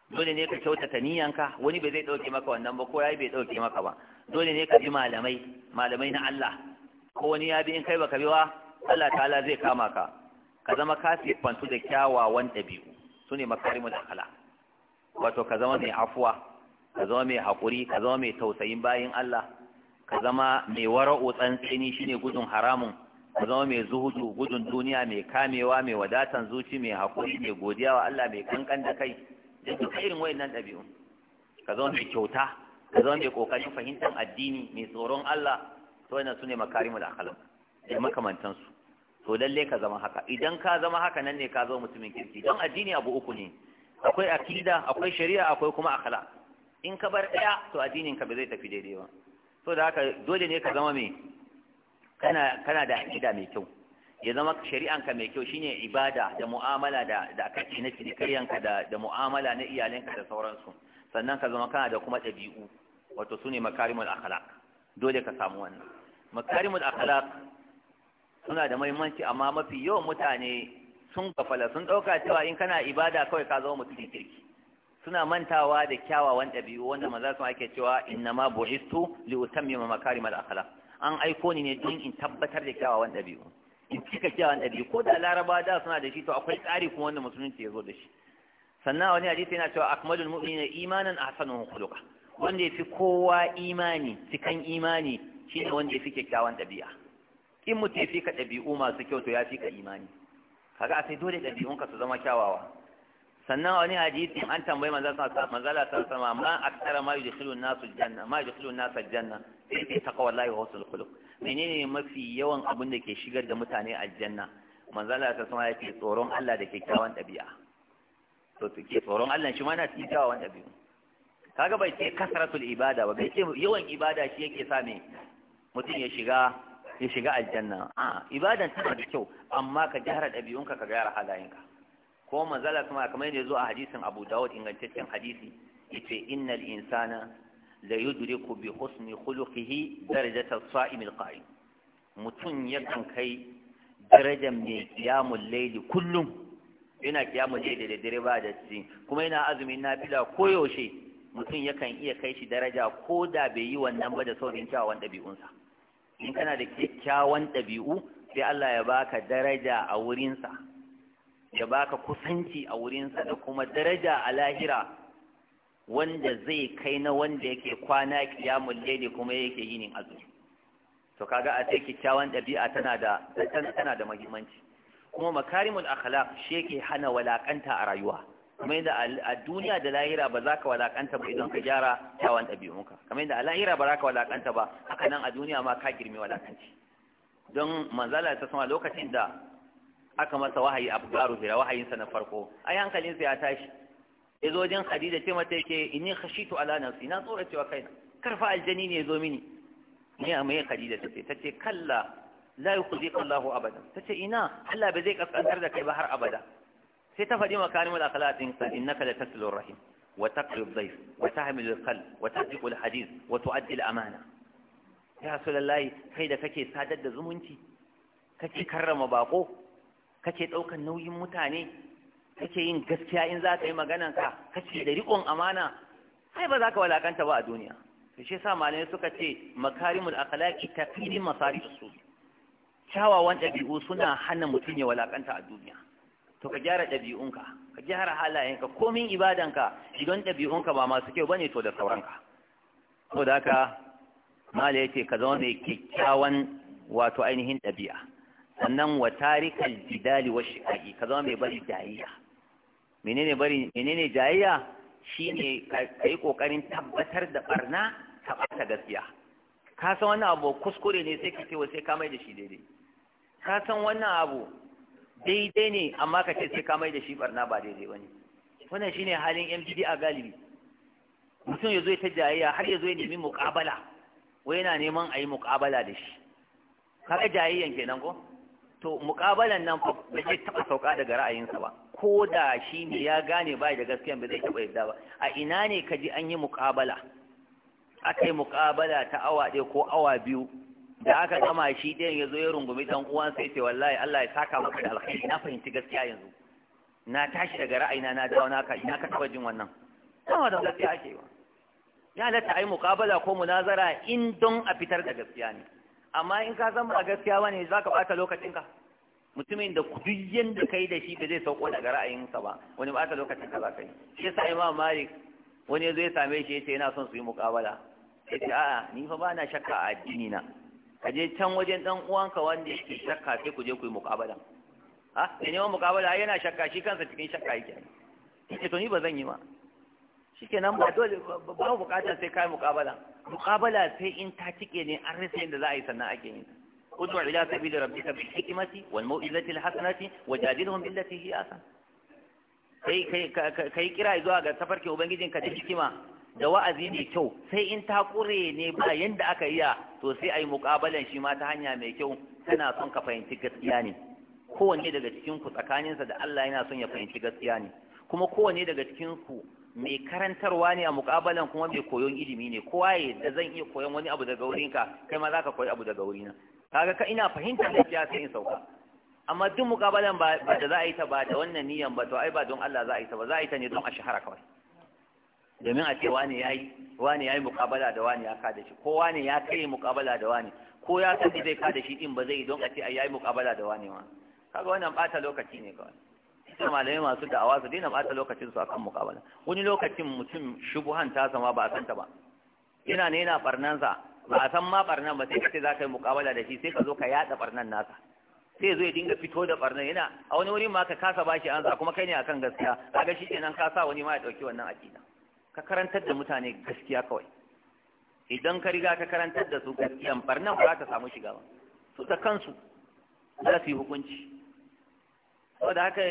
dole ne ka kyautata niyanka wani bai zai dauke maka wannan ba ko yayi bai dauke maka ba dole ne ka bi malamai malamai na Allah ko wani ya bi in kai baka biwa Allah ta'ala zai kama ka ka zama ka fantu da kyawawan dabi'u sune da kala. wato ka zama mai afuwa ka zama mai hakuri ka zama mai tausayin bayin Allah ka zama mai wara'u tsantseni shine gudun haramun ka zama mai zuhudu gudun duniya mai kamewa mai wadatan zuci mai haƙuri mai godiya wa Allah mai kankan da kai da duka irin wayannan ɗabi'un ka zama mai kyauta ka zama mai ƙoƙarin fahimtar addini mai tsoron Allah to wannan sune makarimul akhlaq da makamantan su to lalle ka zama haka idan ka zama haka nan ne ka zama mutumin kirki don addini abu uku ne akwai akida akwai shari'a akwai kuma akhla in ka bar ɗaya to addinin ka ba zai tafi daidai ba to da haka dole ne ka zama mai kana kana da aqida mai kyau ya zama shari'anka mai kyau shine ibada da mu'amala da da kake na cinikayyanka da da mu'amala na iyalanka da sauransu sannan ka zama kana da kuma ɗabi'u wato sune makarimul akhlaq dole ka samu wannan makarimul akhlaq suna da muhimmanci amma mafi yawan mutane sun gafala sun ɗauka cewa in kana ibada kawai ka zama mutum kirki suna mantawa da kyawawan ɗabi'u wanda maza su ake cewa innama buhistu li utammima makarimal akhlaq an aiko ni ne don in tabbatar da kyawawan ɗabi'u in cika kyawawan ɗabi'u ko da laraba da suna da shi to akwai tsari kuma wanda musulunci ya zo da shi sannan wani jisai na cewa akmalul imanin imanan hasanun hukuluka wanda ya fi kowa imani cikan imani shine wanda ya yafi kyakkyawan ɗabi'a in mutum fi ka ɗabi'u masu kyau to fi ka imani kaga sai dole ɗabi'unka su zama kyawawa sannan wani hadisi an tambayi manzon sa sallallahu alaihi wasallam ma akthara ma an nasu janna ma an nasu janna sai wallahi wa husnul khuluq menene mafi yawan abin da ke shigar da mutane aljanna sallallahu alaihi wasallam yake tsoron Allah da kyakkyawan dabi'a to ke tsoron Allah shi ma na cikin kyakkyawan kaga bai ce kasratul ibada ba bai ce yawan ibada shi yake sa me mutum ya shiga ya shiga aljanna a ibadan tana da kyau amma ka gyara ɗabi'unka ka gyara halayenka ko manzala kuma kamar yadda zo a hadisin Abu Dawud ingantaccen hadisi yace innal insana la yudriku bi husni khuluqihi darajata as-sa'im al-qa'im mutun yakan kai darajar mai qiyamul layli kullum yana qiyamul layli da dare ba da ci kuma yana azumin nafila koyaushe mutum yakan iya kai shi daraja ko da bai yi wannan ba da saurin kyawawan ɗabi'unsa in kana da kyakkyawan ɗabi'u sai Allah ya baka daraja a wurinsa ya baka kusanci a wurinsa da kuma daraja a lahira wanda zai kai na wanda yake kwana kiyamun laili kuma yake yinin azumi to kaga a sai kyawun ɗabi'a tana da tana da muhimmanci kuma makarimul akhlaq shi yake hana walakanta a rayuwa kuma yadda a duniya da lahira ba za ka walakanta ba idan ka gyara kyawun ɗabi'unka kuma yadda a lahira ba za ka walakanta ba haka nan a duniya ma ka girme walakanci don manzala ta sama lokacin da aka masa wahayi a abgaru hira wahayinsa na farko ai hankalinsa ya tashi ya zo wajen Khadija ce mata yake inni khashitu ala nafsi na tsora cewa kaina karfa aljani ne ya zo mini ne a mai Khadija ta ce tace kalla la yukhzika Allahu abada Ta ce ina Allah ba zai kaskantar da kai ba har abada sai ta faɗi makarimul akhlaqin innaka la taslur rahim wa taqri dhayf wa tahmil al-qalb wa tasdiqu al-hadith wa tu'addi al-amana ya rasulullahi kai da kake sadar da zumunci kake karrama bako kace ɗaukan nauyin mutane kace yin gaskiya in za ka yi magananka kace da riƙon amana Sai ba za ka walakanta ba a duniya to shi yasa malamai suka ce makarimul akhlaqi taqidi masarif su kyawawan ɗabi'u suna hana mutum ya walakanta a duniya to ka gyara ɗabi'unka ka gyara halayenka komin ibadanka idan ɗabi'unka ba masu kyau bane to da sauranka to da haka yace ka zama mai kyakkyawan wato ainihin ɗabi'a sannan wa tarikal jidali wa shi'a'i ka zama mai bari jayayya menene bari menene ne shine kai kokarin tabbatar da barna ta bata gaskiya ka san wannan abu kuskure ne sai ka ce sai ka mai da shi daidai ka san wannan abu daidai ne amma ka ce sai ka mai da shi barna ba daidai bane wannan shine halin 'yan MPD a galibi mutum ya zo ta jayiya har ya zo ya nemi mukabala wai yana neman a yi mukabala da shi kaga jayiyan kenan ko to mukabalan nan fa ba zai taɓa sauka daga ra'ayinsa ba ko da shi ne ya gane ba da gaskiya ba zai taɓa yadda ba a ina ne ka ji an yi mukabala aka yi mukabala ta awa ɗaya ko awa biyu da aka gama shi ɗayan ya zo ya rungumi ɗan uwan ya ce wallahi Allah ya saka maka da alkhairi na fahimci gaskiya yanzu na tashi daga ra'ayina na dawo na ka ina ka taɓa jin wannan sama da gaskiya ake ba ya halatta yi mukabala ko munazara in don a fitar da gaskiya ne amma in ka zama a gaskiya ne za ka ɓata lokacinka mutumin da duk da kai da shi ba zai sauko daga ra'ayinsa ba wani ɓata lokacinka za ka yi shi yasa imam malik wani ya zo ya same shi ya ce yana son su yi muƙabala yace a'a ni fa ba na shakka a addini na ka je can wajen ɗan uwanka wanda yake shakka sai ku je ku yi muƙabala ha ah, ne ne muƙabala yana shakka shi kansa cikin shakka yake ce to ni ba zan yi ma shikenan ba dole ba bukatar sai kai muqabala muqabala sai in ta tike ne an rasa yadda za a yi sannan ake yin ta sabili rabbika سبيل hikmati wal mau'izati al hasanati wajadilhum billati hi ahsan kai kai kira zuwa ga tafarki ubangijin ka da hikima da wa'azi mai kyau sai in ta kure ne ba yanda aka yi to sai ayi muƙabalan shi ma ta hanya mai kyau kana son ka fahimci gaskiya ne kowanne daga cikin ku tsakaninsa da Allah yana son ya fahimci gaskiya ne kuma kowanne daga cikin ku mai karantarwa ne a mukabalan kuma mai koyon ilimi ne kowa ya da zan iya koyon wani abu daga ka, kai ma zaka koyi abu daga wurina kaga ka ina fahimtar gaskiya sai in sauka amma duk mukabalan ba da za a yi ta ba da wannan niyan ba to ai ba don Allah za a yi ta ba za a yi ta ne don a shahara kawai domin a ce wani yayi wani yayi mukabala da wani ya kada shi ko ne ya kai mukabala da wani ko ya san zai kada shi din ba zai don a ce ai yayi mukabala da wani ma kaga wannan bata lokaci ne kawai sai malamai masu da'awa su daina bata lokacin su akan mukabala wani lokacin mutum shubuhan ta sama ba a san ta ba ina ne yana sa ba a san ma barnan ba sai ka za ka yi mukabala da shi sai ka zo ka yada barnan nasa sai zo ya dinga fito da barnan yana a wani wurin ma ka kasa bashi an sa kuma kai ne akan gaskiya kaga shi kenan ka sa wani ma ya dauki wannan akida ka karantar da mutane gaskiya kawai idan ka riga ka karantar da su gaskiya barnan ba za ta samu shiga ba su da kansu za su yi hukunci saboda haka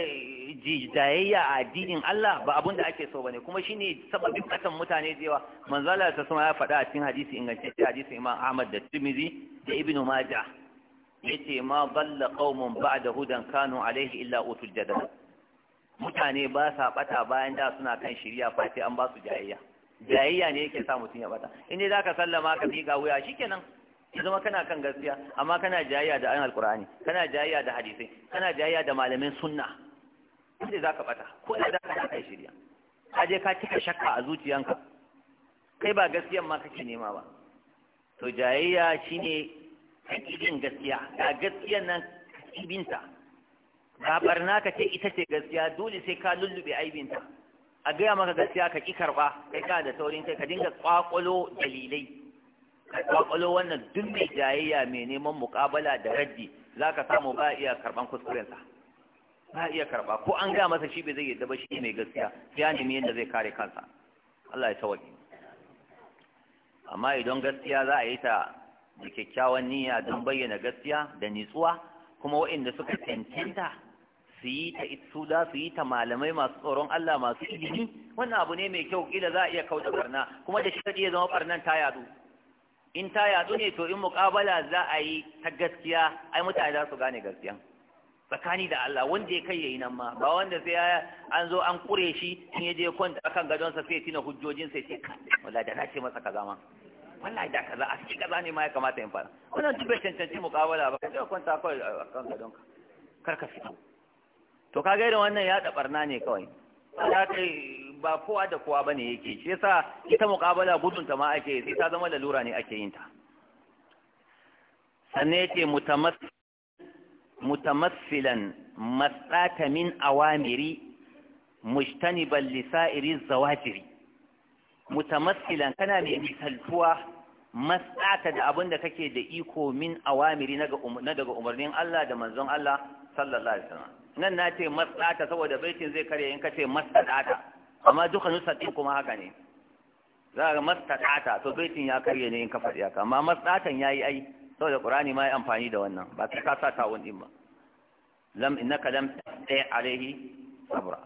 jayayya a addinin Allah ba abun da ake so ba ne kuma shi ne sababin kasan mutane da yawa manzo Allah ta ya faɗa a cikin hadisi ingantacce hadisi Imam Ahmad da Tirmidhi da Ibn Majah yace ma dalla qaumun da hudan kanu alaihi illa utul jadal mutane ba sa bata bayan da suna kan shirya fati an ba su jayayya jayayya ne yake sa mutum ya bata in za zaka sallama ka bi ga wuya shi shikenan ya zama kana kan gaskiya amma kana jayayya da ayan alkur'ani kana jayayya da hadisai kana jayayya da malamin sunna inda za ka bata ko da ka kai shirya ka je ka cika shakka a zuciyanka kai ba gaskiyan ma kake nema ba to jayayya shine bin gaskiya ga gaskiyan nan kakibinta ga barna ka ce ita ce gaskiya dole sai ka lullube aibinta a gaya maka gaskiya ka ki karba kai ka da taurin kai ka dinga kwakwalo dalilai ka kwakwalo wannan duk mai jayayya mai neman mukabala da raddi za ka samu ba iya karban kuskurensa ba iya karba ko an gaya masa shi bai zai yadda ba shi mai gaskiya ya nemi yadda zai kare kansa Allah ya tawaki amma idan gaskiya za a yi ta da kyakkyawan niyya don bayyana gaskiya da nitsuwa kuma waɗanda suka cancanta su yi ta su da su yi ta malamai masu tsoron Allah masu ilimi wannan abu ne mai kyau kila za a iya kauda barna kuma da shi ya zama barnan ta yadu in ta yadu ne to in muƙabala za a yi ta gaskiya ai mutane za su gane gaskiya tsakani da Allah wanda ya kai yayi nan ma ba wanda sai an zo an kure shi in ya je kwanta akan sa, sai ya tina hujjojin sai ce wallahi da na ce masa kaza ma wallahi da kaza a cikin kaza ne ma ya kamata in fara wannan duk bai cancanci muƙabala ba sai kwanta kawai akan ka, kar ka fito to kaga irin wannan ya da barna ne kawai ya kai ba kowa da kowa bane yake shi yasa ita muqabala gudun ta ma ake sai ta zama lalura ne ake yin ta sanne ce mutamassilan masata min awamiri mujtaniban lisa'iri zawajiri mutamassilan kana mai misaltuwa masata da abinda da kake da iko min awamiri um-, na daga umarnin Allah da manzon Allah sallallahu alaihi wasallam nan na ce masata saboda baitin zai kare in kace masata amma duka nusar ɗin kuma haka ne za ga mastaɗata to baitin ya karye ne in ka faɗi haka amma mastaɗatan ya yi ai saboda ƙurani ma ya amfani da wannan ba sai ka sa tawon ɗin ba lam innaka lam tastati alaihi sabra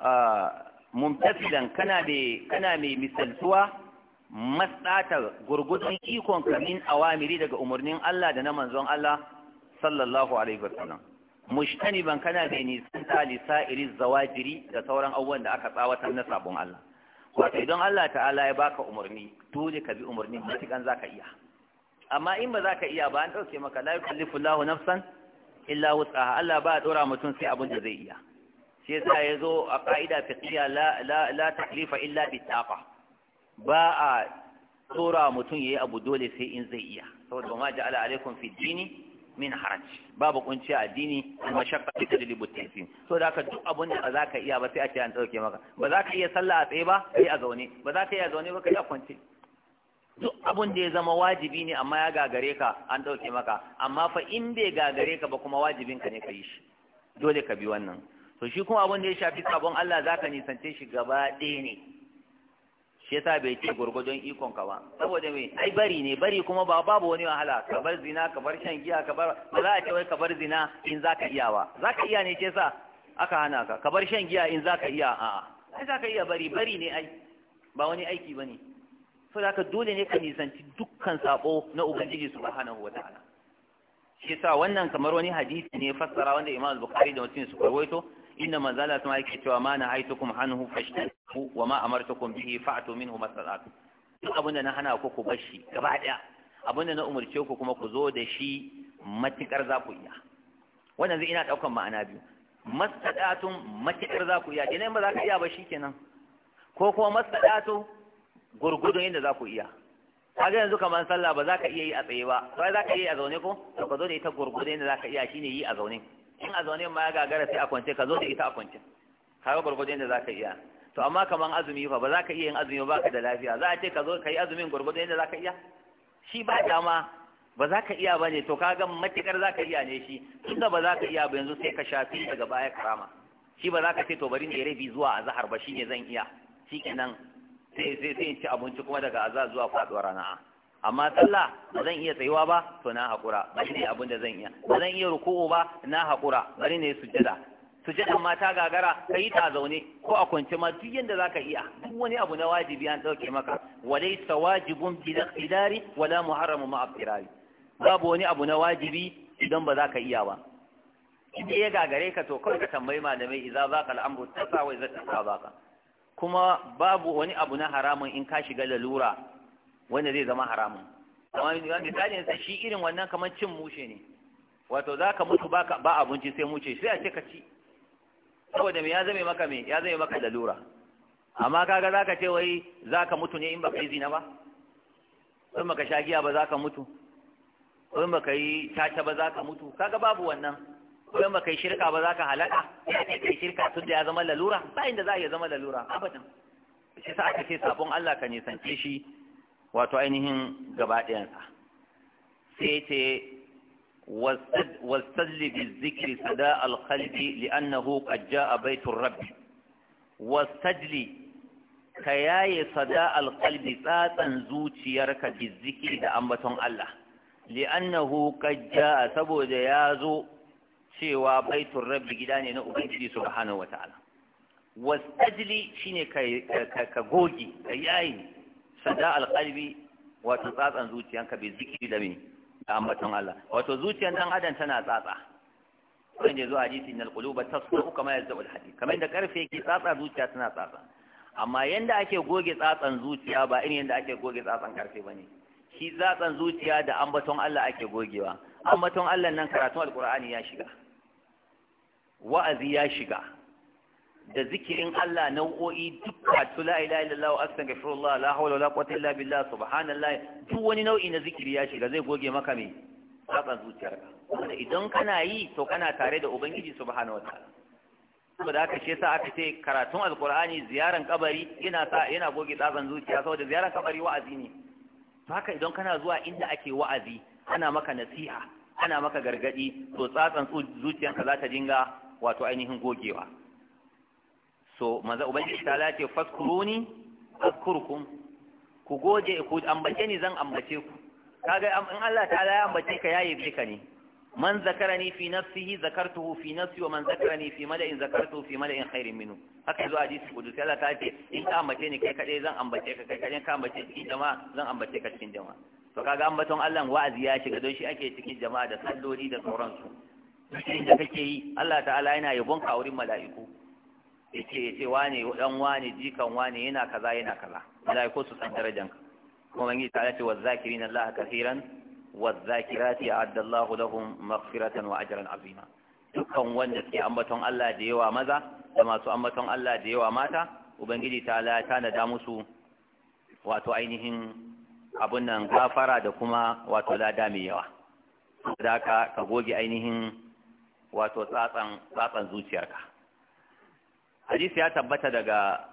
ah, Mun kana mai kana mai misaltuwa mastatar gurgudun ikon kamin awamiri daga umarnin Allah da na manzon Allah sallallahu alaihi wasallam mushtaniban kana mai nisan talisa iri zawajiri da sauran abubuwan da aka tsawatar na sabon Allah wato idan Allah ta'ala ya baka umarni dole ka bi umarni matukan zaka iya amma in ba zaka iya ba an dauke maka la yukallifu Allahu nafsan illa wus'aha Allah ba dora mutum sai abin da zai iya shi yasa yazo a ka'ida fiqhiyya la la la taklifa illa bi taqa ba a dora mutum yayi abu dole sai in zai iya saboda ma ja'ala alaikum fi dini min haraj babu kunci a addini mashaqqa ta dalibu taysir so da ka duk abun da za ka iya ba sai a ce an dauke maka ba za ka iya sallah a tsaye ba sai a zaune ba za ka iya zaune ba kai a kwance duk abun da ya zama wajibi ne amma ya gagare ka an dauke maka amma fa in bai gagare ka ba kuma wajibin ka ne ka yi shi dole ka bi wannan to shi kuma abun da ya shafi sabon Allah zaka nisance shi gaba ɗaya ne shi yasa bai ce gurgudun ikon ka ba saboda me ai bari ne bari kuma ba babu wani wahala ka bar zina ka bar shan giya ka bar ba za a ce wai ka bar zina in zaka iya ba zaka iya ne ce sa aka hana ka ka bar shan giya in zaka iya a'a ai zaka iya bari bari ne ai ba wani aiki bane so da dole ne ka nisanci dukkan sabo na ubangiji subhanahu wataala shi yasa wannan kamar wani hadisi ne fassara wanda Imam Bukhari da Muslim su rawaito inda manzala sun yake cewa ma na kuma hannu fashtahu wa ma amartukum bihi fa'tu minhu masalatu duk abin da na hana ku ku bashi, gaba daya abin da na umurce ku kuma ku zo da shi matikar za ku iya wannan zai ina daukan ma'ana biyu masadatun matikar za ku iya idan ba za ka iya ba shi shikenan ko kuma masadatu gurgudun yadda za ku iya kaga yanzu kamar sallah ba za ka iya yi a tsaye ba sai za ka iya yi a zaune ko to ka zo da ita gurgudun yadda za ka iya shine yi a zaune in a zaune ma ya gagara sai a kwance ka zo da ita a kwance ka ga gwargwadon da za ka iya to amma kaman azumi fa ba za ka iya yin azumi ba ka da lafiya za a ce ka zo ka yi azumin gwargwadon yadda za ka iya shi ba dama ba za ka iya ba ne to ka ga matukar za ka iya ne shi tunda ba za ka iya ba yanzu sai ka shafi daga baya karama shi ba za ka ce to bari ne rabi zuwa azhar ba shi ne zan iya kenan sai sai sai in ci abinci kuma daga azhar zuwa faduwar rana amma sallah ba zan iya tsayuwa ba to na haƙura bari ne abin da zan iya ba zan iya ruku'u ba na haƙura bari ne sujjada sujjadan ma ta gagara ka yi ta zaune ko a kwance ma duk yanda za ka iya duk wani abu na wajibi an ɗauke maka walai sa wajibun bila qidari wala muharramu ma abdirari babu wani abu na wajibi idan ba za ka iya ba in ya gagare ka to kawai ka tambayi malamai za idza zaqa al-amru tasa wa sa tasa ka. kuma babu wani abu na haramun in ka shiga lalura wanda zai zama haramun amma misalin sa shi irin wannan kamar cin mushe ne wato za ka mutu ba abinci sai mushe sai a ce ka ci saboda me ya zame maka me ya zame maka lalura amma kaga za ka ce wai za ka mutu ne in ba ka yi zina ba in ba ka sha giya ba za ka mutu in ba ka yi caca ba za ka mutu kaga babu wannan in ba ka yi shirka ba za ka halaka ka yi shirka tun da ya zama lalura ba inda za a iya zama lalura abadan shi sa aka ce sabon Allah ka nisance shi wato ainihin gaba ɗayansa sai ce wasalli bi zikri sada alkhalbi li'annahu qad ja'a baitur rabbi wasajli ka yaye sada alkalbi tsatsan zuciyarka bi da ambaton Allah li'annahu qad ja'a saboda ya zo cewa baitur rabbi gida ne na ubangiji subhanahu wataala wasajli shine ka ka gogi ka yaye sada alqalbi wato tsatsan zuciyanka bi zikiri da me da ambaton Allah wato zuciyan dan adam tana tsatsa kan je zuwa hadisi innal quluba uka kama da alhadid kamar inda karfe yake tsatsa zuciya tana tsatsa amma yanda ake goge tsatsan zuciya ba irin yanda ake goge tsatsan karfe bane shi tsatsan zuciya da ambaton Allah ake gogewa ambaton Allah nan karatun alqur'ani ya shiga wa'azi ya shiga da zikirin Allah nau'o'i duka su la ilaha illallah wa astaghfirullah la hawla wala quwwata illa billah subhanallah duk wani nau'i na zikiri ya shiga zai goge maka me saka zuciyarka Kuma idan kana yi to kana tare da ubangiji subhanahu wa ta'ala saboda haka shi yasa aka ce karatun alqur'ani ziyaran kabari yana sa yana goge tsaban zuciya saboda ziyaran kabari wa'azi ne to haka idan kana zuwa inda ake wa'azi ana maka nasiha ana maka gargadi to tsatsan zuciyarka za ta dinga wato ainihin gogewa so maza ubangiji ta lace faskuruni azkurkum ku goje ku ambace ni zan ambace ku kaga in Allah ta'ala ya ambace ka yayi ka ne man zakarani fi nafsihi zakartuhu fi nafsi wa man zakarani fi mala'in zakartuhu fi mala'in khairin minhu haka yazo hadisi kudusi Allah ta ce in ka ambace ni kai kadai zan ambace ka kai kadai ka ambace cikin jama'a zan ambace ka cikin jama'a to kaga ambaton Allah wa'azi ya shiga don shi ake cikin jama'a da salloli da sauransu cikin da kake yi Allah ta'ala yana yabon ka wurin mala'iku yace yace wane dan wane jikan wane yana kaza yana kaza ko su san darajanka kuma yi ta ce wazakirin Allah kaseeran wazakirati a'adda Allah lahum maghfiratan wa ajran azima dukkan wanda ke ambaton Allah da yawa maza da masu ambaton Allah da yawa mata ubangiji ta la nada musu wato ainihin abun nan gafara da kuma wato lada mai yawa da ka goge ainihin wato tsatsan zuciyarka hadisi ya tabbata daga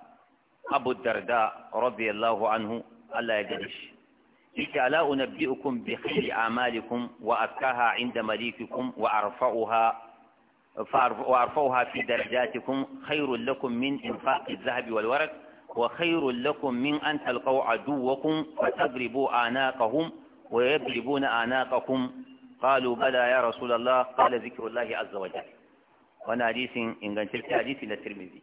abu darda radiyallahu anhu Allah ya gani shi yake ala unabbi'ukum bi khayri a'malikum wa azkaha 'inda malikikum wa arfa'uha wa arfa'uha fi darajatikum khairul lakum min infaqi adh-dhahabi wal waraq wa khairul lakum min an talqaw aduwwakum fatadribu anaqahum wa yadribuna anaqakum qalu bala ya rasulullah qala dhikrullahi azza wa jalla wannan hadisin ingantaccen hadisi na Tirmidhi